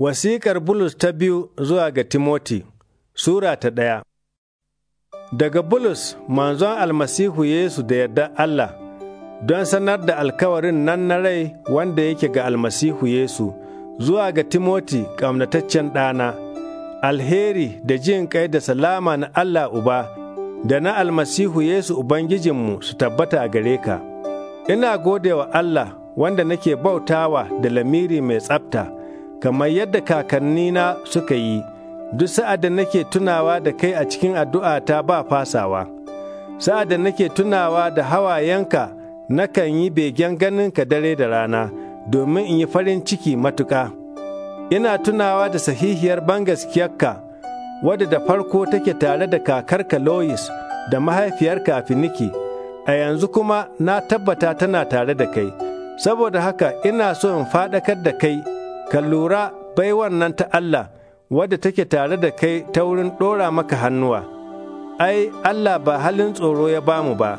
Wasiƙar Bulus ta biyu zuwa ga Timoti Sura ta ɗaya Daga Bulus, manzon almasihu Yesu da yarda Allah, don sanar da alkawarin nan na rai wanda yake ga almasihu Yesu, zuwa ga Timoti ƙaunataccen ɗana, alheri da jin kai da salama na Allah Uba, da na almasihu Yesu Ubangijinmu su tabbata a gare ka. Ina gode wa Allah wanda nake bautawa da lamiri mai tsabta. kamar yadda kakannina suka yi, duk sa'ad da nake tunawa da kai a cikin addu'a ta ba fasawa, sa'ad da nake tunawa da hawayenka na kan yi begen ganin ka dare da rana, domin in yi farin ciki matuƙa. Ina tunawa da sahihiyar bangaskiyarka, wadda da farko take tare da kakarka Lois da mahaifiyarka Finiki, a yanzu kuma na tabbata tana tare da kai, saboda haka ina so in faɗakar da kai. ka lura bai nan ta Allah wadda take tare da kai ta wurin ɗora maka hannuwa. Ai, Allah ba halin tsoro ya bamu ba,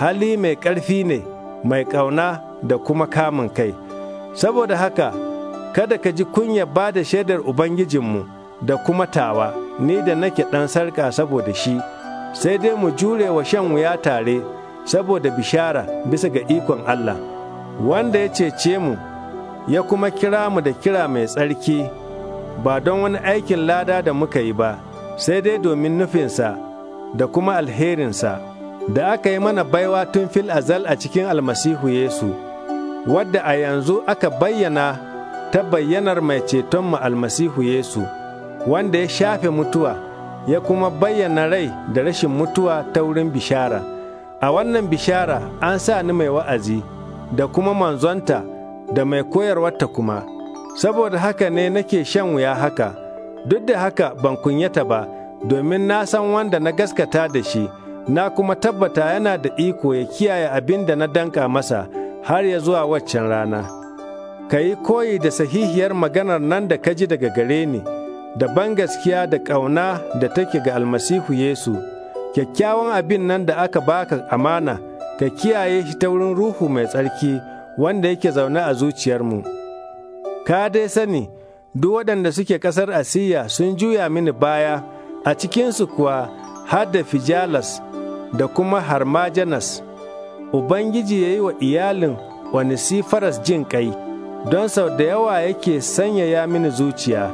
hali mai ƙarfi ne, mai ƙauna da kuma kamun kai. Saboda haka, kada ka ji kunya ba da shaidar Ubangijinmu da kuma tawa, ni da nake ɗan sarƙa saboda shi, sai dai mu jure wa shan wuya tare, saboda bishara bisa ga ikon Allah, wanda ya cece mu. ya kuma kira mu da kira mai tsarki, ba don wani aikin lada da muka yi ba, sai dai domin nufinsa da kuma alherinsa, da aka yi mana baiwa tun fil azal a cikin almasihu Yesu, wadda a yanzu aka bayyana ta bayyanar mai cetonmu almasihu Yesu, wanda ya shafe mutuwa, ya kuma bayyana rai da rashin mutuwa ta wurin bishara. A wannan bishara an sa ni mai wa'azi da kuma manzonta. da mai koyarwarta kuma, saboda haka ne nake shan wuya haka, duk da haka ban kunyata ba, domin na san wanda na gaskata da shi, na kuma tabbata yana da iko ya kiyaye abin da na danka masa har ya zuwa waccan rana. Ka yi koyi da sahihiyar maganar nan da ka ji daga gare ni, da ban gaskiya da ƙauna da take ga almasihu Yesu, kyakkyawan abin nan da aka baka amana, ka kiyaye shi ta wurin ruhu mai tsarki. wanda yake zaune a zuciyarmu. Ka dai sani, duk waɗanda suke ƙasar Asiya sun juya mini baya, a cikinsu kuwa har da Fijalas da kuma Harmajanas. Ubangiji ya yi wa iyalin wani sifaras jin ƙai, don sau da yawa yake sanyaya mini zuciya,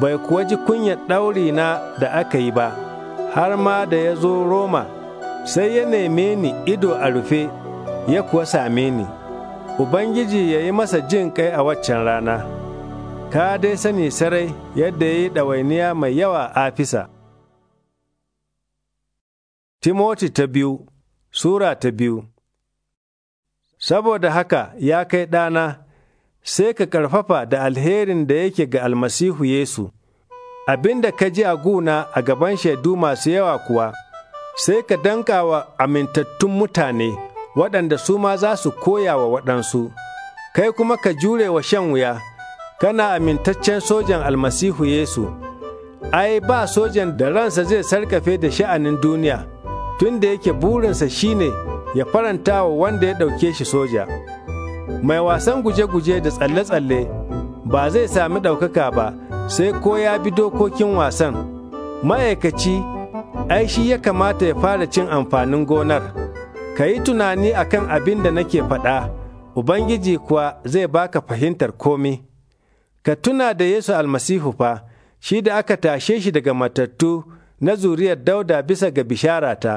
bai kuwa ji kunyar ɗauri na da aka yi ba, har ma da ya zo Roma, sai ya neme ni ido a rufe, ya kuwa same ni. Ubangiji ya yi masa jin kai a waccan rana, ka dai sani sarai yadda ya yi ɗawainiya mai yawa a fisa Timoti ta biyu Sura ta biyu Saboda haka ya kai ɗana, sai ka ƙarfafa da alherin da yake ga almasihu Yesu, abin da ka ji a guna a gaban shaidu masu yawa kuwa, sai ka danka wa amintattun mutane. waɗanda su ma za su koya wa waɗansu, kai kuma ka jure wa shan wuya, kana amintaccen sojan almasihu Yesu, ai ba sojan da ransa zai sarkafe da sha'anin duniya, tun da yake burinsa shine ya faranta wa wanda ya ɗauke shi soja. Mai wasan guje-guje da tsalle-tsalle ba zai sami ɗaukaka ba sai ko ya bi dokokin wasan, ma'aikaci ai shi ya kamata ya fara cin amfanin gonar. ka yi tunani a kan abin da nake faɗa, Ubangiji kuwa zai baka fahimtar komi. Ka tuna da Yesu almasihu fa, shi da aka tashe shi daga matattu na zuriyar dauda bisa ga bisharata,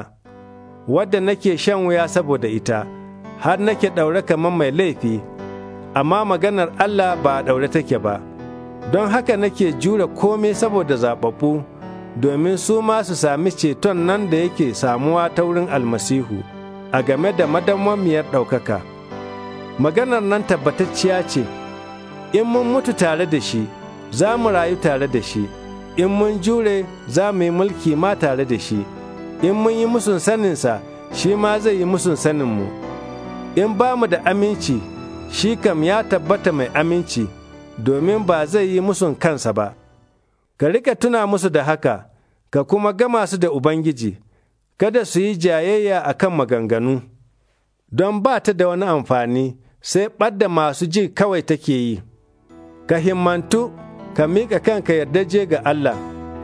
wadda nake shan wuya saboda ita, har nake ɗaure kamar mai laifi, amma maganar Allah ba a ɗaure take ba. Don haka nake jure komai saboda zaɓaɓɓu, domin su ma su sami ceton nan da yake samuwa ta wurin almasihu. a game da madammamiyar ɗaukaka. Maganar nan tabbatacciya ce, in mun mutu tare da shi, za mu rayu tare da shi, in mun jure za mu yi mulki ma tare da shi, in mun yi musun saninsa, shi ma zai yi musun saninmu. In ba mu da aminci, shi kam ya tabbata mai aminci, domin ba zai yi musun kansa ba. Ka rika tuna musu da haka, ka kuma gama su da Ubangiji. kada su yi jayayya a kan maganganu, don ba ta da wani amfani sai ɓadda masu ji kawai take yi. Ka himmantu, ka miƙa kanka yarda je ga Allah,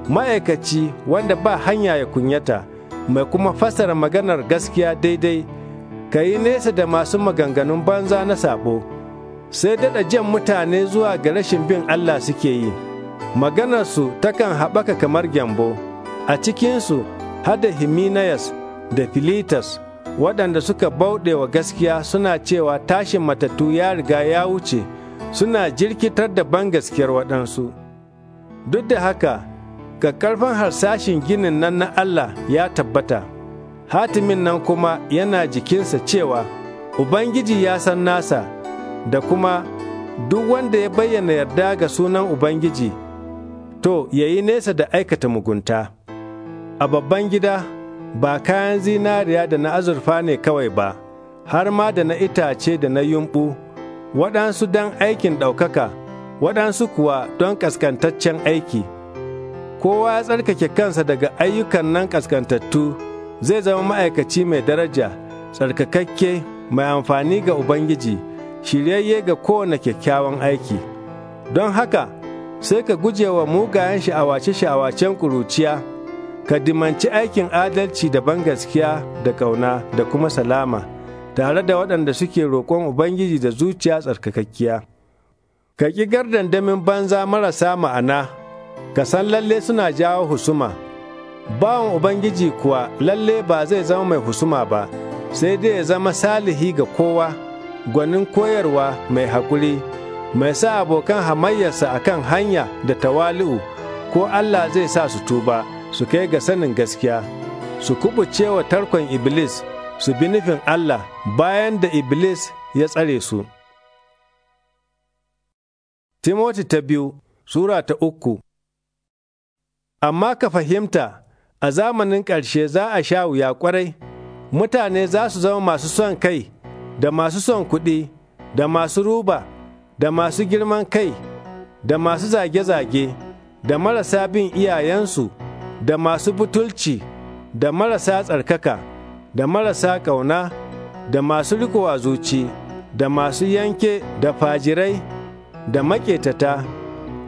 ma'aikaci wanda ba hanya ya kunyata, mai kuma fassara maganar gaskiya daidai, ka yi nesa da masu maganganun banza na saɓo, sai daɗa jan mutane zuwa ga rashin bin Allah suke yi. Maganarsu takan haɓaka kamar gyambo, a cikinsu hada Himinayas da Filitas waɗanda suka bauɗe wa gaskiya suna cewa tashin matattu ya riga ya wuce suna jirkitar da ban gaskiyar waɗansu. Duk da haka, ƙarfin harsashin ginin nan na Allah ya tabbata, hatimin nan kuma yana jikinsa cewa Ubangiji ya san nasa da kuma duk wanda ya bayyana yarda ga sunan Ubangiji, to, yayi nesa da aikata mugunta. a babban gida ba kayan zinariya da na azurfa ne kawai ba, har ma da na itace da na yumɓu, waɗansu don aikin ɗaukaka, waɗansu kuwa don ƙaskantaccen aiki. Kowa ya tsarkake kansa daga ayyukan nan ƙaskantattu zai zama ma'aikaci mai daraja, tsarkakakke, mai amfani ga Ubangiji, shiryayye ga kowane kyakkyawan aiki. Don haka, sai ka guje wa mugayen sha'awace-sha'awacen ƙuruciya. ka dimanci aikin adalci da bangaskiya da ƙauna da kuma salama tare da waɗanda suke roƙon Ubangiji da zuciya tsarkakakkiya. Ka ƙi gardandamin banza marasa ma'ana, ka san lalle suna jawo husuma. Bawan Ubangiji kuwa lalle ba zai zama mai husuma ba, sai dai ya zama salihi ga kowa, gwanin koyarwa mai haƙuri, mai sa abokan hamayyarsa akan hanya da tawali'u, ko Allah zai sa su tuba. su kai ga sanin gaskiya su kubuce wa tarkon iblis su bi nufin Allah bayan da iblis ya tsare su. Timoti ta biyu Sura ta uku Amma ka fahimta a zamanin ƙarshe za a sha wuya ƙwarai, mutane za su zama masu son kai, da masu son kuɗi, da masu ruba, da masu girman kai, da masu zage-zage, da marasa bin iyayensu. da masu butulci, da marasa tsarkaka, da marasa ƙauna, da masu rikowa zuci, da masu yanke, da fajirai, da maƙetata,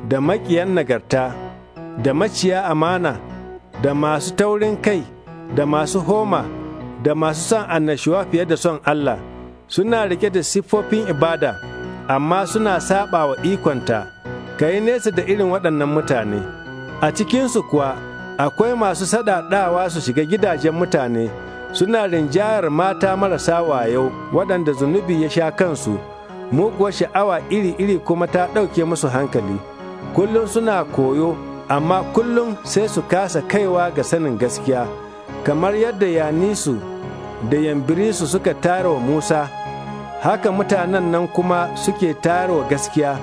da maƙiyan nagarta, da maciya amana, da masu taurin kai, da masu homa, da masu son annashuwa fiye da son Allah, suna rike da siffofin ibada, amma suna saɓa wa ikonta, ka yi nesa da irin waɗannan mutane, a cikinsu kuwa. akwai masu sadaɗawa su shiga gidajen mutane suna rinjayar mata marasa wayo waɗanda zunubi ya sha kansu Muguwa sha'awa iri-iri kuma ta ɗauke musu hankali kullum suna koyo amma kullum sai su kasa kaiwa ga sanin gaskiya kamar yadda yanisu da yambirisu suka tara wa musa haka mutanen nan kuma suke tara wa gaskiya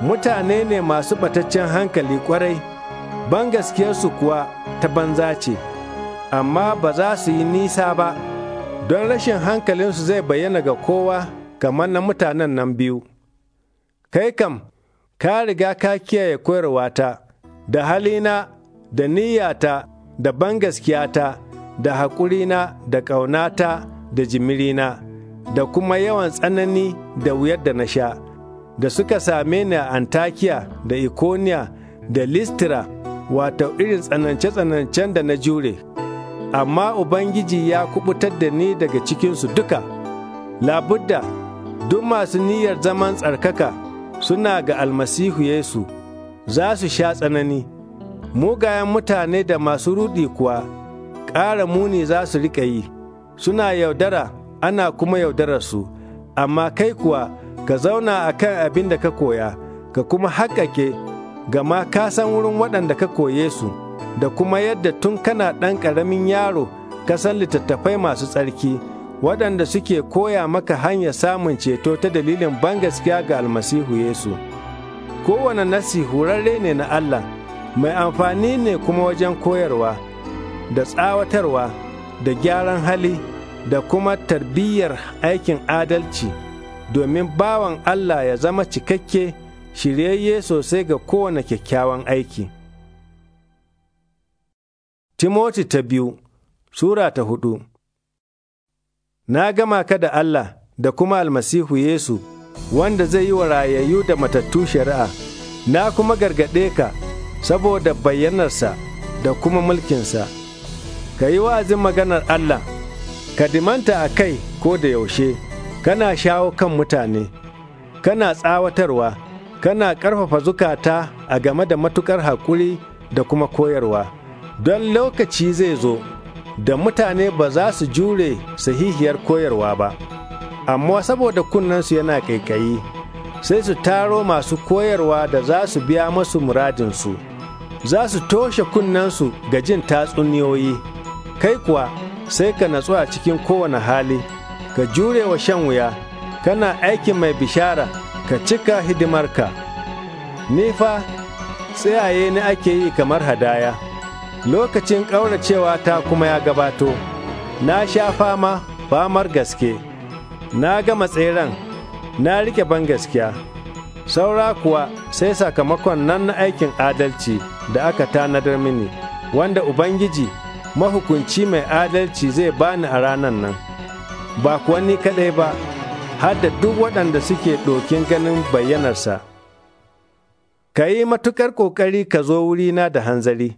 mutane ne masu ɓataccen hankali kwarai. ban gaskiyarsu kuwa ta banza ce amma ba za su yi nisa ba don rashin hankalinsu zai bayyana ga kowa kamar na mutanen nan biyu kai kam ka riga ka kiyaye koyarwata da halina da niyyata da ban gaskiyata da haƙurina da ƙaunata da jimirina da kuma yawan tsanani da wuyar da na sha da suka same ni a antakiya da ikoniya da listira wato irin tsanance-tsanancen da na jure, amma Ubangiji ya kubutar da ni daga cikinsu duka, labudda duk masu niyyar zaman tsarkaka suna ga almasihu Yesu za su sha tsanani, mugayen mutane da masu ruɗi kuwa ƙara muni za su riƙa yi, suna yaudara ana kuma yaudararsu, amma kai kuwa ka zauna a kan abin da ka koya, ka kuma haƙaƙe gama ka san wurin waɗanda ka koye su, da kuma yadda tun kana ɗan ƙaramin yaro ka san littattafai masu tsarki, waɗanda suke koya maka hanyar samun ceto ta dalilin ban gaskiya ga almasihu Yesu. Kowane nasi hurarre ne na Allah, mai amfani ne kuma wajen koyarwa, da tsawatarwa, da gyaran hali, da kuma tarbiyyar aikin adalci, domin bawan Allah ya zama cikakke. shiryayye sosai ga kowane kyakkyawan aiki. Timoti ta biyu Sura ta hudu Na gama ka da Allah da kuma almasihu Yesu, wanda zai yi wa rayayyu da matattu shari'a, na kuma gargaɗe ka saboda bayyanarsa da kuma mulkinsa, ka yi wa'azin maganar Allah, ka dimanta a kai ko da yaushe, kana shawo kan mutane, kana tsawatarwa. kana ƙarfafa zukata a game da matukar haƙuri da kuma koyarwa, don lokaci zai zo da mutane ba za su jure sahihiyar koyarwa ba, amma saboda kunnensu yana ƙaiƙayi, sai su taro masu koyarwa da za su biya masu muradinsu, za su toshe kunnensu ga jin tatsuniyoyi, kai kuwa sai ka natsu a cikin kowane hali, ka jure wa shan wuya, kana aikin mai bishara. ka cika hidimarka ni fa tsayaye ni ake yi kamar hadaya lokacin ƙauracewa ta kuma ya gabato na sha fama famar gaske na gama tseren na rike ban gaskiya saura kuwa sai sakamakon nan na aikin adalci da aka tanadar mini wanda ubangiji mahukunci mai adalci zai bani a ranan nan ba kuwa ni kaɗai ba har da duk waɗanda suke ɗokin ganin bayyanarsa. Ka yi matuƙar ƙoƙari ka zo wurina da hanzari,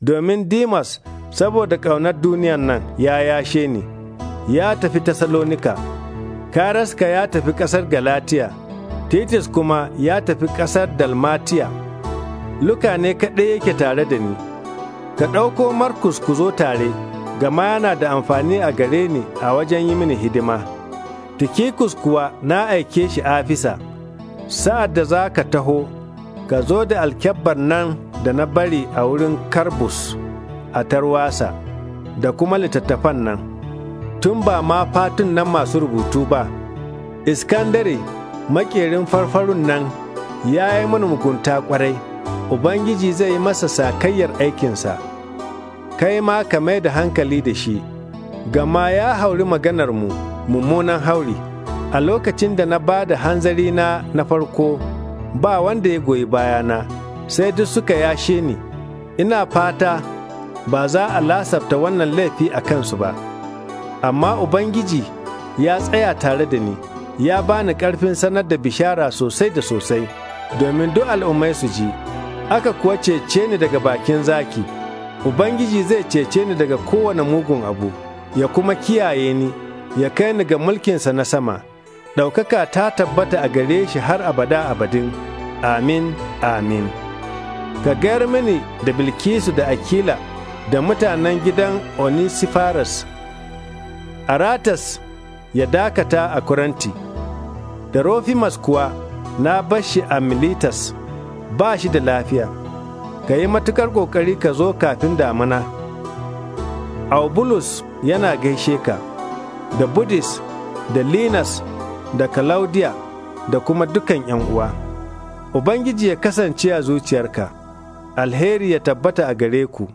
domin Dimas saboda ƙaunar duniyan nan ya yashe ni, ya tafi Tesalonika, Karaska ya tafi ƙasar Galatiya, Titus kuma ya tafi ƙasar Dalmatiya, Luka ne kaɗai yake tare da ni. Ka ɗauko Markus ku zo tare, gama yana da amfani a gare ni a wajen yi mini hidima. Tikikus kuwa na aike shi afisa, sa'ad da za ka taho, ka zo da alkyabbar nan da na bari a wurin karbus a tarwasa da kuma littattafan nan, tun ba ma fatun nan masu rubutu ba. Iskandare, makerin farfarun nan, ya yi mana mugunta ƙwarai, Ubangiji zai yi masa sakayyar aikinsa, kai ma ka mai da hankali da shi, gama ya hauri maganarmu. mu. mummunan hauri a lokacin da na ba da hanzari na na farko ba wanda ya goyi bayana sai duk suka yashe ni ina fata ba za a lasafta wannan laifi a kansu ba amma ubangiji ya tsaya tare da ni ya bani ƙarfin sanar da bishara sosai da sosai domin duk al'ummai su ji aka kuwa cece ni daga bakin zaki ubangiji zai cece ni daga kowane mugun abu ya kuma kiyaye ni ya kai ni ga mulkinsa na sama, ɗaukaka ta tabbata a gare shi har abada abadin, amin, amin. Ka gayar mini da Bilkisu da Akila da mutanen gidan Onisifaras, Aratas ya dakata a Kuranti, da Rofimas kuwa na bashi a Militas, ba shi da lafiya, ka yi matuƙar ƙoƙari ka zo kafin damuna. Aubulus yana gaishe ka. da buddhist da linus da claudia da kuma dukan 'yan uwa ubangiji ya kasance a zuciyarka alheri ya tabbata a gare ku